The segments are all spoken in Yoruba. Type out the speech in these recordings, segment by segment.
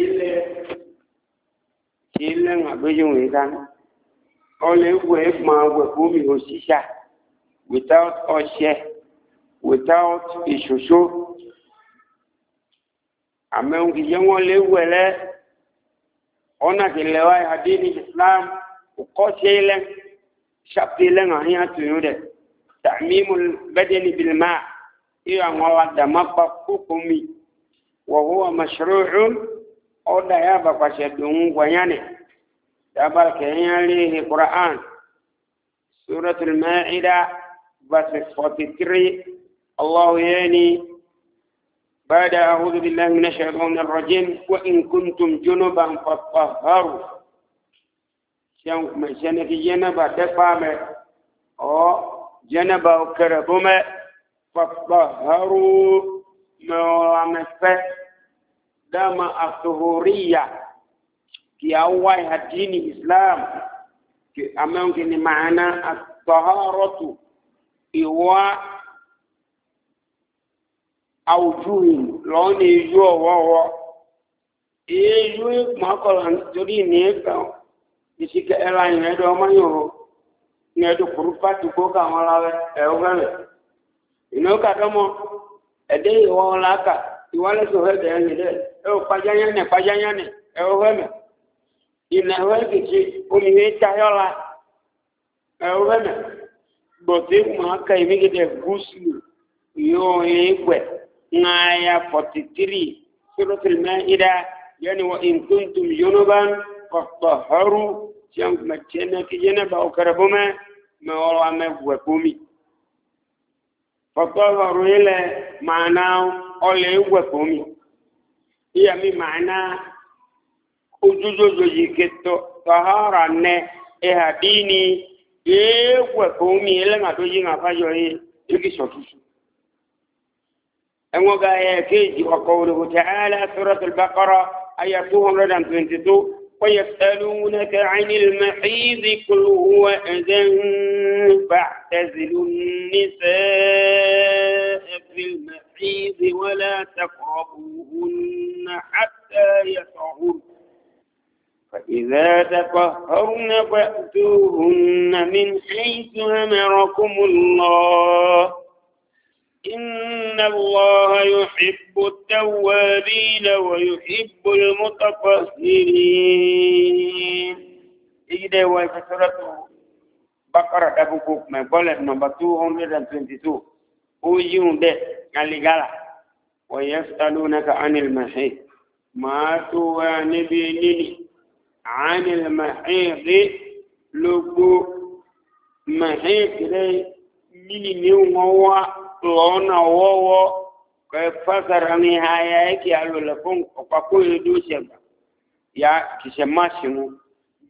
ilé àgbéjòwò ìdáná ọlẹ́ wẹ̀ máa wẹ̀ bómi òṣìṣà without ọṣẹ without ìṣòṣó àmẹ́hùn ìyẹ́ wọn lé wẹ̀ lẹ́ ọ̀nà kìlẹ̀ wa ìhàdí ní islam kọ́ sí ilẹ̀ ṣàpè lẹ́nu àríyá tòyó rẹ̀ tàmímù bẹ́dẹ̀ níbi lè máa ìyá àwọn àdàmọ́ pa kókó mi wọ̀húwà màṣúrù oda ya bakwashe domin gwanya ne da barka yan lihi ƙura'an suratul ma'ida verses 43 Allah ya بعد أعوذ بالله من الشيطان الرجيم وإن كنتم جنبا فطهروا شنك من شنك جنبا دفامة أو جنبا وكربمة فطهروا ما عمسته dama athuhuria kiawai hadini islam ki ambayo ni maana ataharatu iwa aujuhin loni yuo wowo iyu makolan jori ni ka isike elain edo mayo ni edo kurupa tuko ka wala e ogale inoka tomo ede iwa laka iwalẹsọ hẹbẹ ẹyìn dẹ ẹ ò pàjáyánẹ pàjáyánẹ ẹ ò hẹmẹ ìnà ẹ kìkì omiwe tayọla ẹ ò hẹmẹ gbọdọ ìmọ aka yìí méjèèjì gúúsù yóò ẹgbẹ ńláyà fọtí tírì sọlọtìrì mẹ ìdá yẹni wọ ìntúntùm yónúbà kọkọ họrù tí a mẹ tiẹ mẹ kí yẹn bá ọkẹrẹ bọ mẹ mẹ ọrọ amẹ wẹ bọ mi kọkọ họrù yìí lẹ màánáwó. ọlẹ ewu ẹkọ mi iya mi maana ojuzozo yi ke tọhara nẹ ẹha diini ewu ẹkọ mi ẹlẹma tó yi ŋa fayọ yi eki sọ tutu ẹwọn ga ẹ kéèjì ọkọ wòlòwò tẹ ẹ lẹ sọrọ tó bàkọrọ ayé two hundred and twenty two. ويسألونك عن المحيض قل هو أذى فاعتزلوا النساء في المحيض الحيض ولا تقربوهن حتى يطهرن فإذا تطهرن فأتوهن من حيث أمركم الله إن الله يحب التوابين ويحب المتطهرين إذا وفترته بقرة أبو كوك ما بلد نمبر 222 ويون ده galigala wa yasalunaka anil mahid ma to wa nibi nini anil mahid logbo mahid re nini ni ngowa lona wowo kwa fasara ni haya yake alola fun kwa kuyo dushe ya kishemashimu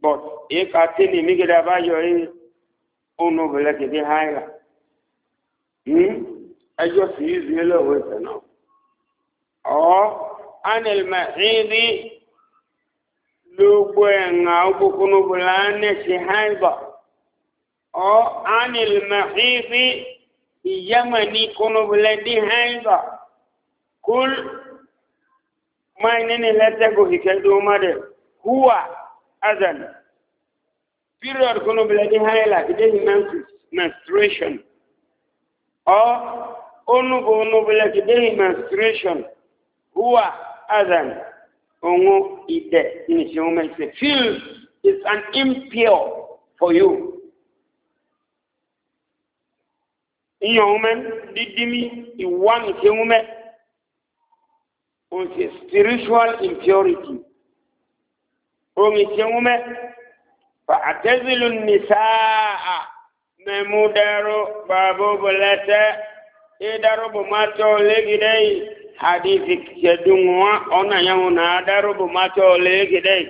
but ikati ni migida bayo hii unubeleke bi haya hmm ẹjọ́ sì yí sí lọ́wọ́ ìfẹ́ náà. ọ̀ anìlmẹ̀ ìdí lógbó ẹ̀ǹà òkùnkùn bùlá nẹ̀ṣẹ̀ haibọ̀. ọ̀ anìlmẹ̀ ìdí ìyẹ́mẹ̀ ní kùnùbùlẹ̀ dí haibọ̀. kúl máa nínú lẹ́tẹ̀kù ìkẹ́dùn mọ́dẹ̀ húwà period kùnùbùlẹ̀ dí haibọ̀ kìdé menstruation or onubu onubu like dey menstruation huwa adhan ongo ide in shome say feel is an impure for you in your woman didimi iwan shome on spiritual impurity on shome fa atazilu nisaa memu daro babu bulata e daro bu mato legidai hadithi kedunwa ona yahu na daro bu mato legidai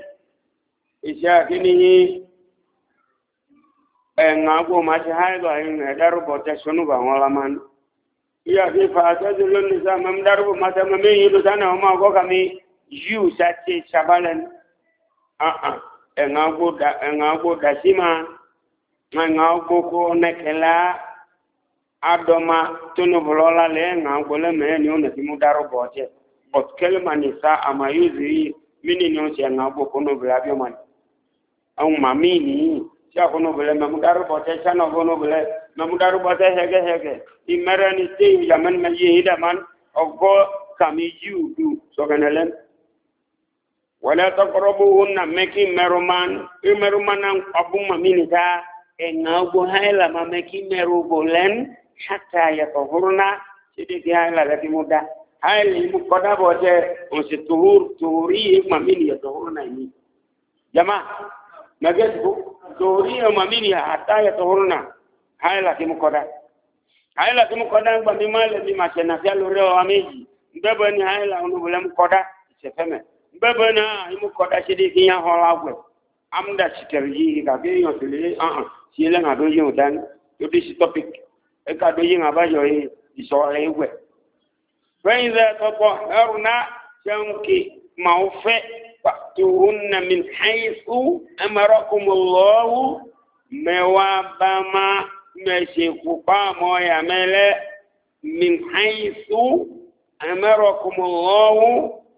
isha kini e eh, ngago ma ta haigo in daro bota sunu ba wala man iya ki fa ta n'isa ni sa mam daro bu mata mam yi do sana ma ko kami yu sa ce chabalen a ah, a ah, e eh, ngago da e eh, ngago da sima ŋa gbogbo nɛkɛla adoma tónubulɔ la lɛ ŋa gbɔlɛ mɛ ni o nɛfi mu daro bɔ tɛ but kɛlima ni sa ama yi zi yi mini ni o tɛ ŋa gbogbo nubulɔ abio ma ni aŋ ma mi ni tia ko nubulɔ mɛ mu daro bɔ tɛ tia nɔ ko nubulɔ mɛ mu daro bɔ tɛ hɛgɛ hɛgɛ ni seyi yamɛni mɛ yi yi dama ɔgbɔ kami yiw du sɔgɛnɛ lɛ wala takɔrɔbu na mɛki mɛruman i mɛruman na abuma mi ni taa. engagbo haila mameki merugo len hata yatahurna sidiki haila lati muda haila imu koda bote usituhur tuhuri mamini yatahurna ini jama nagesbu tuhuri mamini hata yatahurna haila timu koda haila timu koda ngba mimale mimachena fya loreo amiji mbebo ni haila unubule mkoda isefeme mbebo na imu koda sidiki ya hola gwe amda sitarjihi ka ke yo tele ah ah siela nga do yo dan to this topic e ka do yin aba yo yi iso le we when the topo haruna shamki maufe fa'tuhunna min haythu amarakum Allah mewabama meshikupa moya mele min haythu amarakum Allah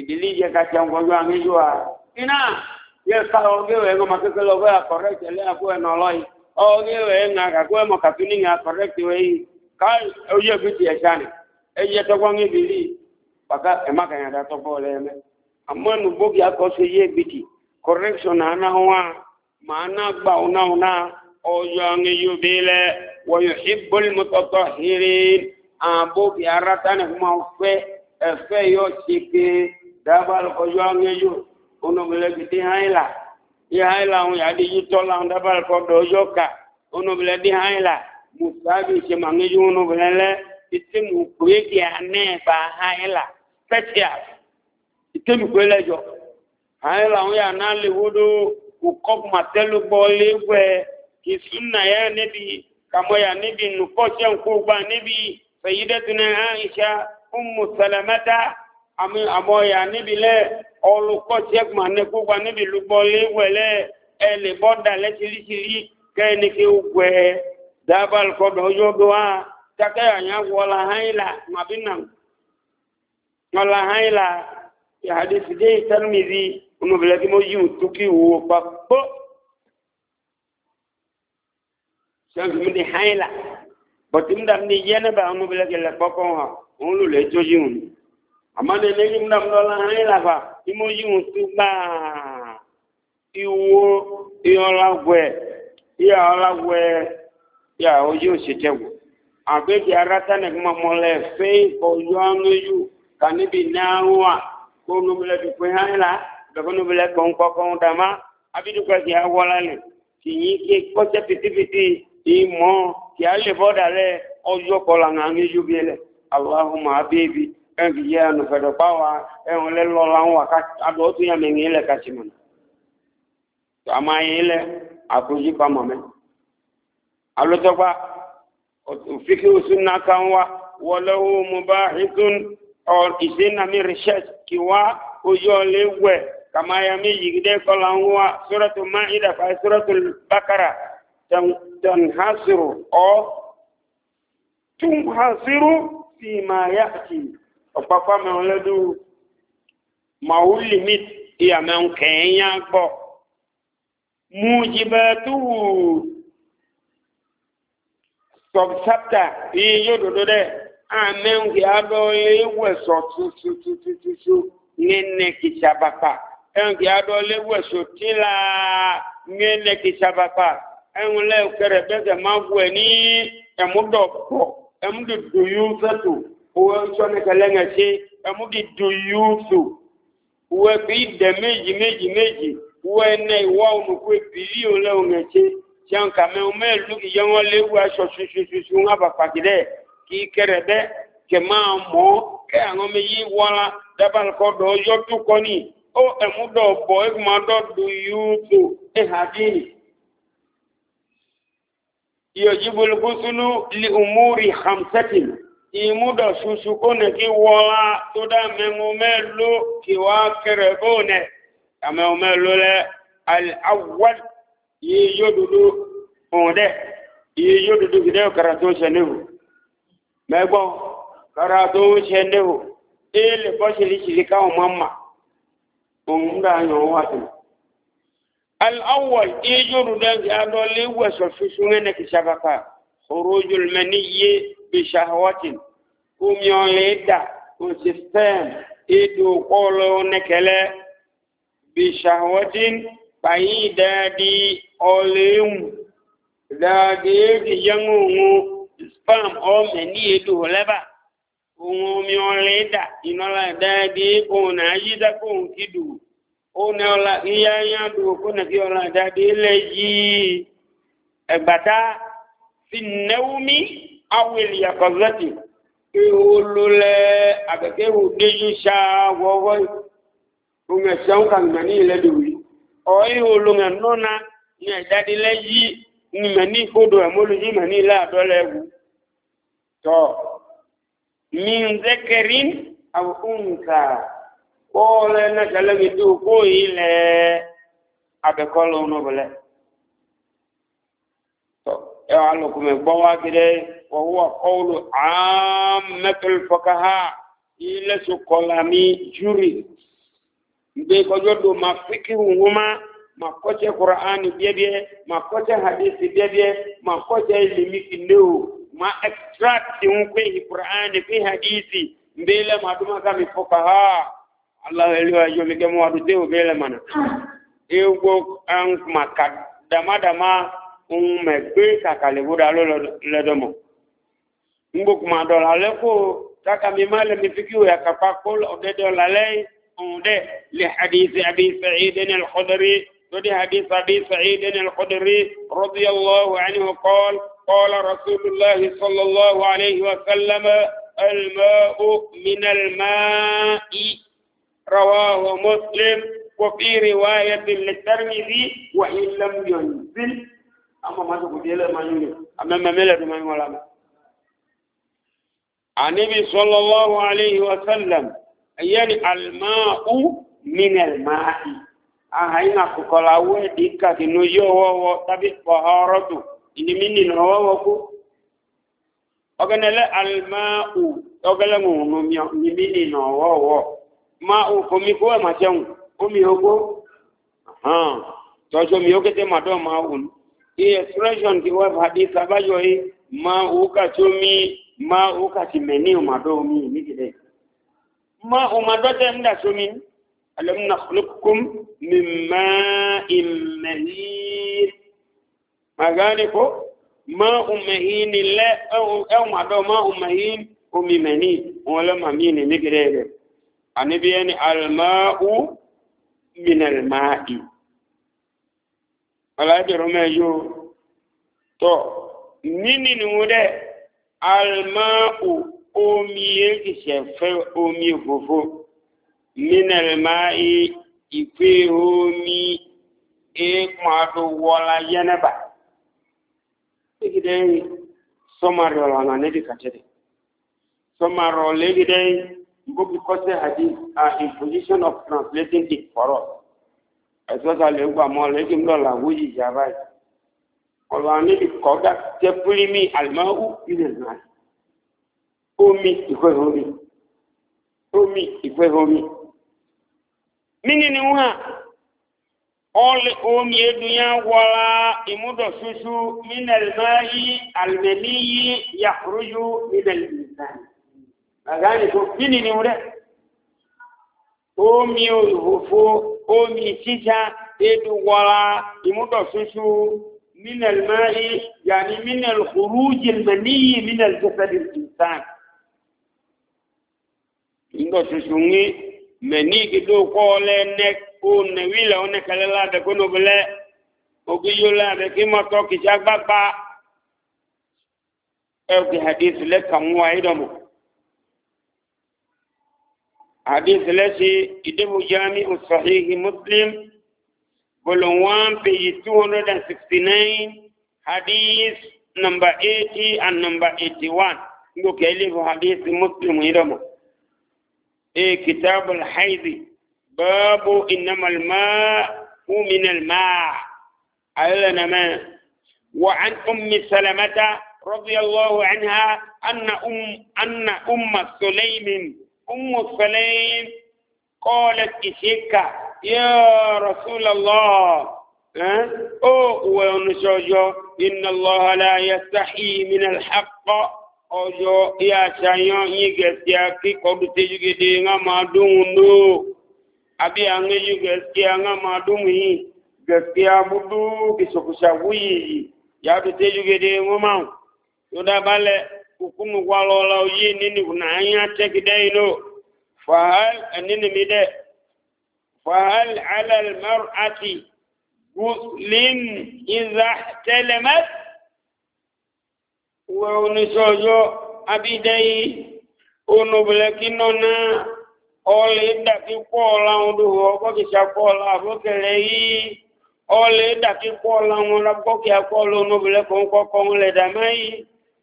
ìbílí yẹ ka tẹ nkɔjɔ ami ju wa iná yẹ ká ọgẹ wẹ ẹgbẹ ma kékeré ọgẹ yà kọrẹkt ẹlẹ àkó ẹ nọlọ yìí ọgẹ wẹ ẹ ŋà kakó ẹ mọ kàtúni ŋà kọrẹkt wẹ yìí ká oyè bi tiẹ sani ẹyẹ tọgbọ ŋa ìbílí bàtà ẹ má kàn yà dá tọgbọ lẹ mẹ amánu bóbi akọsọ yẹ gbèdì kọrẹkshọn àná wa màá dabal ko yonge yu ono bele di haila di haila on ya di yito la on dabal ko do yoka ono bele di haila musabi che mangi yu ono bele le itimu kwegi ane ba haila petia itimu kwele jo haila on ya na le wudu ukok matelu bole we kisuna ya nebi kamo ya nebi nukoche nkugba nebi sayyidatuna aisha ummu salamata àmì àmọ́yà níbilẹ̀ ọlùkọ́ tiẹ́kùmà ní gbogbo níbi lùgbọ́ léwẹ̀lẹ́ ẹ lè bọ́dà lẹ́tìlítìlí kẹ́ni kí ó gbẹ dábàl kọ́dọ̀ ọjọ́ bí wá dákẹ́ àyàn wọlá hàìlà màbínà wọlá hàìlà ìhàdí fìdí ìtẹ́lùmìdí ọmọbìnrin tí mo yí òtú kí ìwò pọ́kọ́ hàn òun lò lẹ́jọ́ yìí òun àmọ́ni lẹ́yìn múnàmúnàlá ń làbà tí mo yí wọn sí gbàá iwo ìyọ̀láwẹ̀ ìyá ọ̀láwẹ̀ ìyá ojú òṣìṣẹ́wò àgbẹ̀bí arátánẹ̀kì mọ́mọ́lẹ̀ fẹ́ ìkọ̀yọ́ ọ̀nàyù kàníbi náírà kó nubilẹ̀ tó pé hàn la dọ̀kọ́ nubilẹ̀ kọ̀ ńkọ̀kọ̀ dàmá abidugba kì í awọ́lá lẹ̀ kì í ké kọ́sẹ́ pìtìpìtì ìmọ̀ kì í alẹ́ bọ́dà lẹ̀ ọjọ́ kọ̀ọ̀lá ń yóbi lẹ̀ aláhùn máa bẹ́ẹ̀ ẹnkì yẹ ànùfẹ̀dọ̀ pa wa ẹ̀hún lẹ lọ láwọn àdó tó yà mẹ́yìn ilẹ̀ kàtì a máa yẹ ilẹ̀ àkójú pamọ́ mẹ́ alótọ́gbà òfìkì oṣù náà kan wa mo bá hìtún ọ ìsínàmì kama ya mi ọ ma ya ọ̀pápá mẹ́rin lẹ́dú màá limit ìyà mẹ́rin kẹ̀ẹ́yà gbọ́ mú jìbẹ́ túwù sọ̀bùsáptà yìí yóò dòdó dẹ́ àmẹ́rin kì á dọ́ ewẹ́sọ̀ tututututu nínú kìsàbàpà ẹ̀rin kì á dọ́ ewẹ́sọ̀ tíla nínú kìsàbàpà ẹ̀rin lẹ́yìn kẹrẹ̀ bẹ́ẹ̀ kẹ́ máa wù ẹ̀ ní ẹ̀múdọ̀ pọ̀ ẹ̀múdọ̀ dòyún fẹ́tò uwe nsọni kẹlẹngẹ ṣe ẹmúdi du yuusu uwe bi dẹ méjì méjì méjì uwe ẹnẹ ìwọ ònùkú ebili òlẹ òngẹ ṣe tiẹn kàmẹ ọmọ ìlú kìí yẹn wọn léwu aṣọ ṣuṣuṣuṣu ńlá pàpàkì dẹ kì í kẹrẹ bẹ kẹmẹ àmọ kẹ àwọn ọmọ yìí wọlá dábàlì kọ dọ yọtú kọ ni ó ẹmúdọ bọ ẹgbẹmọ dọ du yuusu ẹhà dín li umuri hamsatin ìmúdọ̀ ṣuṣu kó nì kí wọ́lá tó dá mẹ́mú mẹ́lú kí wá kẹrẹ bó nẹ̀ àmẹ́mú mẹ́lú lẹ́ àwọ̀d yìí yóò dúdú òun dẹ́ yìí yóò dúdú kìdẹ́ kàrà tó ṣe níhù mẹ́gbọ́n kàrà tó ṣe níhù ilẹ̀ bọ́ṣẹ̀lì ṣìlì káwọn máa bishahawatin umyoleda unsistem idu kolo nekele bishahawatin bayi dadi olim dadi yangungu spam ome ni edu leba ohun omi ọlẹ́dà ìnọ́lá dáadé ohun àyídá kóhun kìdù ohun ọlá iyáyádò kóhun kí ọlá dáadé lẹ́yìí ẹ̀gbàtá fi nẹ́wúmí awele yakɔzɛti ewolo lɛ agake wo deju saa wɔwɔ ŋa sɛŋ kaŋ ŋmɛni lɛ de wi ɔyi wolo ŋa nɔna ŋa dadi lɛ yi ŋmɛni kodo ɛmolu yi ŋmɛni lɛ adɔ lɛ wu tɔ min awo unka kɔɔ lɛ nɛgɛlɛ ŋa do koyi lɛ abɛkɔlɔ nɔbɔ ẹwàlùkùnmí gbọ́wá gidẹ wọ́wọ́ kọ́wọ́lù àmẹ́tòlù fọ́kàhá ilẹ̀ sọkọlàmí júrì ìgbé kọjọ́ do ma fíkìrù wọ́má ma kọ́jẹ́ kùránì bíẹ́bíẹ́ ma kọ́jẹ́ hadisi bíẹ́bíẹ́ ma kọ́jẹ́ ilimi kìnìú ma extract ń pè ní kùránì pé hadisi mbélé ma dúmọ́ ká mi fọ́kàhá aláwẹ̀lú ayọ́ mi kẹ́ mọ́ adùté òbélé mọ́nà. ewu gbọ́ àwọn ma kà dàmádàmá. ohun mẹ̀gbé kàkàlẹ̀búra lọ́dọ̀mọ̀. ń gbókùnmọ̀ àdọ̀là lẹ́kọ̀ọ́ tákàmì má lẹ́mi fíkì òyà kápá kó ọ̀dẹ́dẹ́ ọ̀là lẹ́yìn ohun dẹ́ lè hadith abi sa'id ní alkhudari lórí hadith abi sa'id ní alkhudari rọ́bì allahu anhu kọ́l kọ́lá rasulillah sallallahu alayhi wa sallam alma'u min alma'i rawahu muslim وفي رواية للترمذي وإن لم ينزل ama mato kujele manyuni amememele tu manyuni wala anibi sallallahu alayhi wa sallam yani alma'u min alma'i ahaina kukola wedi kakinu yowowo tabi tahoratu ini mini nowowo ku ogenele alma'u ogele ngunu mi mini nowowo ma'u komi kuwe machengu omi ogo ha tojo mi ogete mado ma'un hii expression kiwa hadith abayo hii ma ukachumi ma ukatimeni umadomi nikide ma umadote mda sumi alam nakhluqukum min ma'in mahin magani ko ma umahin la au e au e mado ma umahin umimeni wala mamini nikide anibiyani alma'u min alma'i alájọ̀rọ̀ mẹ́ yóò tọ́ níní ni mo dẹ́ almáhù omi ìṣẹ̀ fẹ́ omi òfófó mínàlmá ìpé omi ìpàdó wọlá yẹnẹba ìgidẹ́ sọmarì ọ̀lànà níbi kàtẹ́dẹ̀ sọmarì ọ̀lẹ́gidẹ́ gbogbo kọ́sẹ̀ àdí a in position of translating it for us especially nígbà mọ́ lẹ́kí ńlọ́la wúyì ìyá báyìí ọ̀rọ̀ àní ìkọ́gá jẹ́ pírímì àlùmáwù ilẹ̀ náà omi ìfẹ́ omi omi ìfẹ́ omi mini ni wọn a ọlẹ omi edunya wọla ìmúdọ̀ ṣoṣo mínàlùmá yìí àlùmẹ̀mí yìí yàkúrúyú mínàlùmí náà àgáyé tó mini ni wọn dẹ omi òfò omi títa edu wọra ìmúdọ̀ ṣoṣo minal mari yàní minal khuruji maniyi minal jasadi insan ìmúdọ̀ ṣoṣo ní mani gido kọ́ lẹ́nẹ́ kó nẹ̀wílẹ̀ ọ̀nẹ́kẹ́lẹ́ ládẹ́ kó nọ́bẹ̀lẹ́ ogiyo ládẹ́ kí mọ́tọ́ kìí ṣe agbágbá ẹ̀kì hadith lẹ́kàá wọn wáyé dọ̀mọ́. حديث لسي إدم جامع الصحيح مسلم بلوان في 269 حديث نمبر 80 and نمبر 81 نكلم حديث مسلم إدم إيه كتاب الحيض باب إنما الماء من الماء علنا ما وعن أم سلمة رضي الله عنها أن أم أن أم سليم أم سليم قالت إشيكا يا رسول الله أه؟ أو ونشوجو إن الله لا يستحي من الحق أوجو يا شايان يجسيا كي قد تجيدي ما دون دو أبي أنجي يجسيا ما دوني gaskiya budu kisokusha wuyi ya tute yuge de ngomau yuda bale hukumu walola yi nini unanya teki daino fahal nini mide fahal ala almar'ati guslin idha ihtalamat wa unisojo abidai onubulekinona ọlẹ̀ dàkí pọ̀ láwọn odòwò ọgọ́kìsà pọ̀ láàbọ̀kẹ̀lẹ̀ yìí ọlẹ̀ dàkí pọ̀ láwọn ọlọ́gbọ́kìá pọ̀ lónúbìlẹ̀ kọ̀ọ̀kọ̀ lẹ̀dàmáyìí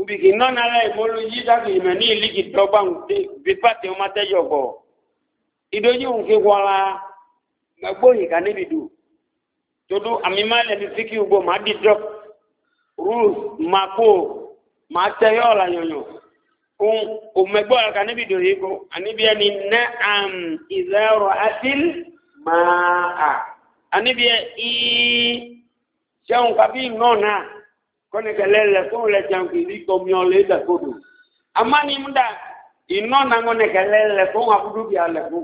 ubiki nɔna la imolu yi daki ime ni iliki dɔgba ŋute bi pati ɔma tɛ yɔgɔ idoji ŋuke wɔla gbɔ yi ka ne bi do todo ami ma lɛ mi fiki ugbo ma di drɔp rules ma ko ma tɛ yɔla nyɔnyɔ un omegbɔ la ka ne bi do yi ko ani bi ɛni nɛ am izɛrɔ asil maa a ani bi ɛ e ii sɛŋ kabi nɔna kone kelele ko le chankili ko miole da kodu amani munda ino na ngone kelele ko akudu bi ale ko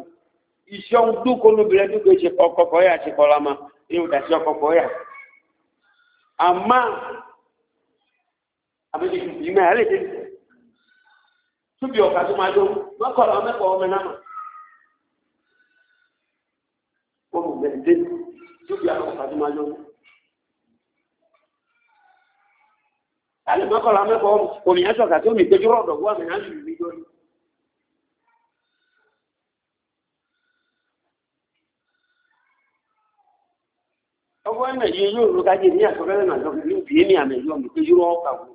ision du ko no bile du ke koko ko ya ti kolama e uda ti koko ya ama abedi ki me ale ma do ma ko la me ko me na alẹ́mọ́kọ̀lá mẹ́kọ̀ọ́ òmìnira sọ̀kà tó mi péjú rọ̀dọ̀ wọ́n mi náà lùlù mí lórí. ọgbọ́n ẹ̀mẹ̀ yìí yóò lọ kájí ní àkọ́kọ́rẹ́ náà lọ́kùnrin bí èmi àmẹ́yọ́ mi péjú rọ̀ ọ̀kà wọn.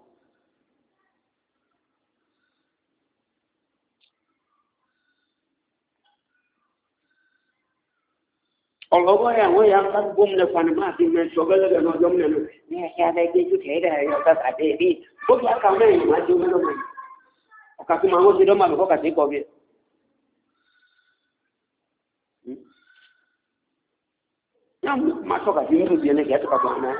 ọlọ́wọ́ yà wọ́n yà ká gbóm lẹ máa fi mẹ sọ bẹ́lẹ̀ ọjọ́ mẹ́lẹ̀ ní ẹ̀ṣẹ́ abẹ́ gbé jù kẹ́ kàkà dé bí ó kí á kà mẹ́rin má jó mẹ́lẹ̀ mọ́ ọ̀kà tó máa ń ṣe dọ́mà kàtí kọ́ bí. yà mú má tọ́ nínú bí ẹni kẹ́ tó kàtó àná.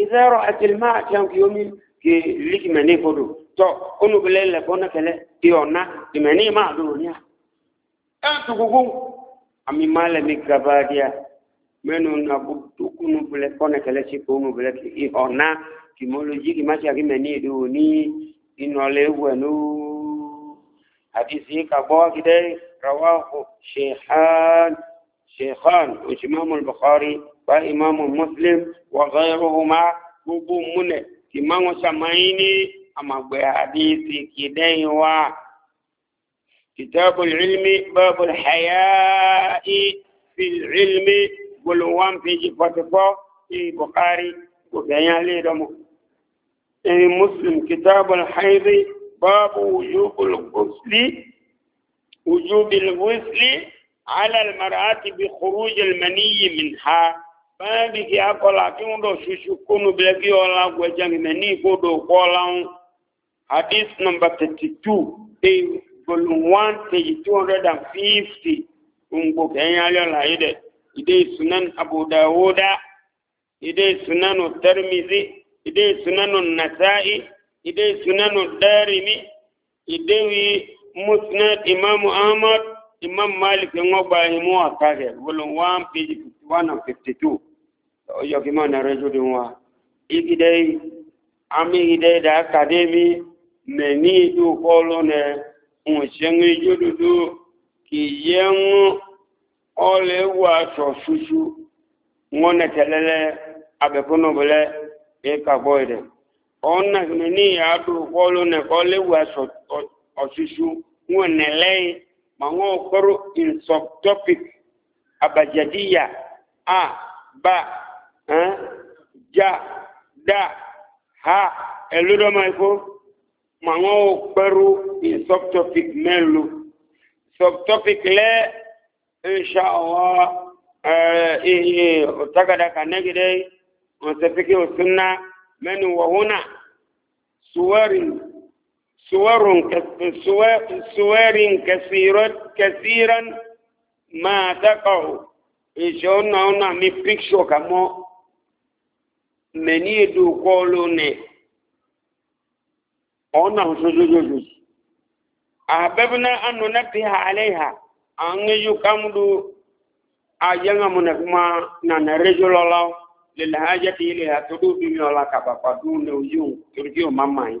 إذا رأت الماء كان في يوم كي لك مني فدو تو أنو بلين لفونا كلا تيونا تمني ما دونيا أنتو كوكو أمي مالا مكباديا منو نبتو كنو بلفونا كلا شكونو بلفونا إيهونا كيمولوجي كما شاكي مني دوني إنولي ونو حديثي كبوا كده رواه شيخان شيخان وإمام البخاري وإمام مسلم وغيرهما gbogbo múnẹ̀ tí máa wọn ṣàmáyí ní àmàgbẹ̀ àdíyèsí kì dẹ́yìn wá kìtàbù ìrìlmi bábù hayáì fi ìrìlmi gbolo wọn péjì pọtipọ ìyí bukari kò fẹ̀yìn alẹ́ ìdọ́mọ̀ ẹni muslim kìtàbù hayáì bábù ojú bìlwísì على المرأة بخروج المني منها báyìí kì á kọlà kí wọn dọ̀ ṣoṣo kónú bẹ́ẹ̀ kí ọlá gbẹ̀jẹ̀ mẹ́ ní hadith number thirty two volume one page two hundred and fifty ngbò kẹ́yìn alẹ́ ọ̀làyé dẹ̀ ìdè sunan abudawuda ìdè sunan tẹrmizi ìdè sunan nasa'i ìdè sunan darimi ìdè wi musnad imaamu ahmad imam malik ni wọ́n gba ìmú àká rẹ̀ volume one o one and fifty two ọjọ́ kí máa nàrẹ́ tó di wọn. igide àmì igide dà kàdémi mẹ̀ ní ìlú kọ́lọ́ nẹ ń ṣẹ́nu ijó dúdú kì í yẹ ń ọlẹ́ wà sọ ṣuṣu wọn nẹ tẹ́lẹ́lẹ́ abẹ́kúnnú bẹ́lẹ́ ẹ̀ kàgbọ́ ẹ̀ dẹ̀ ọ̀nà mẹ́ ní ìyá mango koro in sub topic abajadiya a ba eh ja da ha eludo mai ko mango koro in sub topic melu sub topic le insha Allah eh eh takada kanegi dai on tafiki usunna menu wa huna suwarin سور سور كثيرة كثيرا ما تقع يشون هنا مي بيكشو كمو مني دو قولوني أنا سجوجوج أحببنا أن ننبه عليها أن يكمل أجمع منكما ننرجل الله للحاجة إليها تدوب يولا كبابا دون وجوه ترجو مامي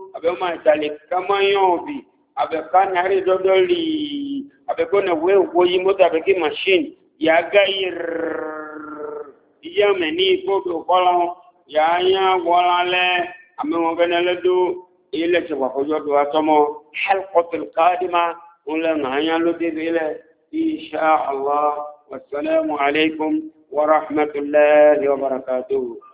abema itali kama yobi abekani ari dodoli abekone we woyi moto abeki machine yaga ir iyame ni kodo kola ya ya wala le amemo gane le do ile se wa kojo do atomo halqatul qadima wala na ya lo de ile ورحمة الله وبركاته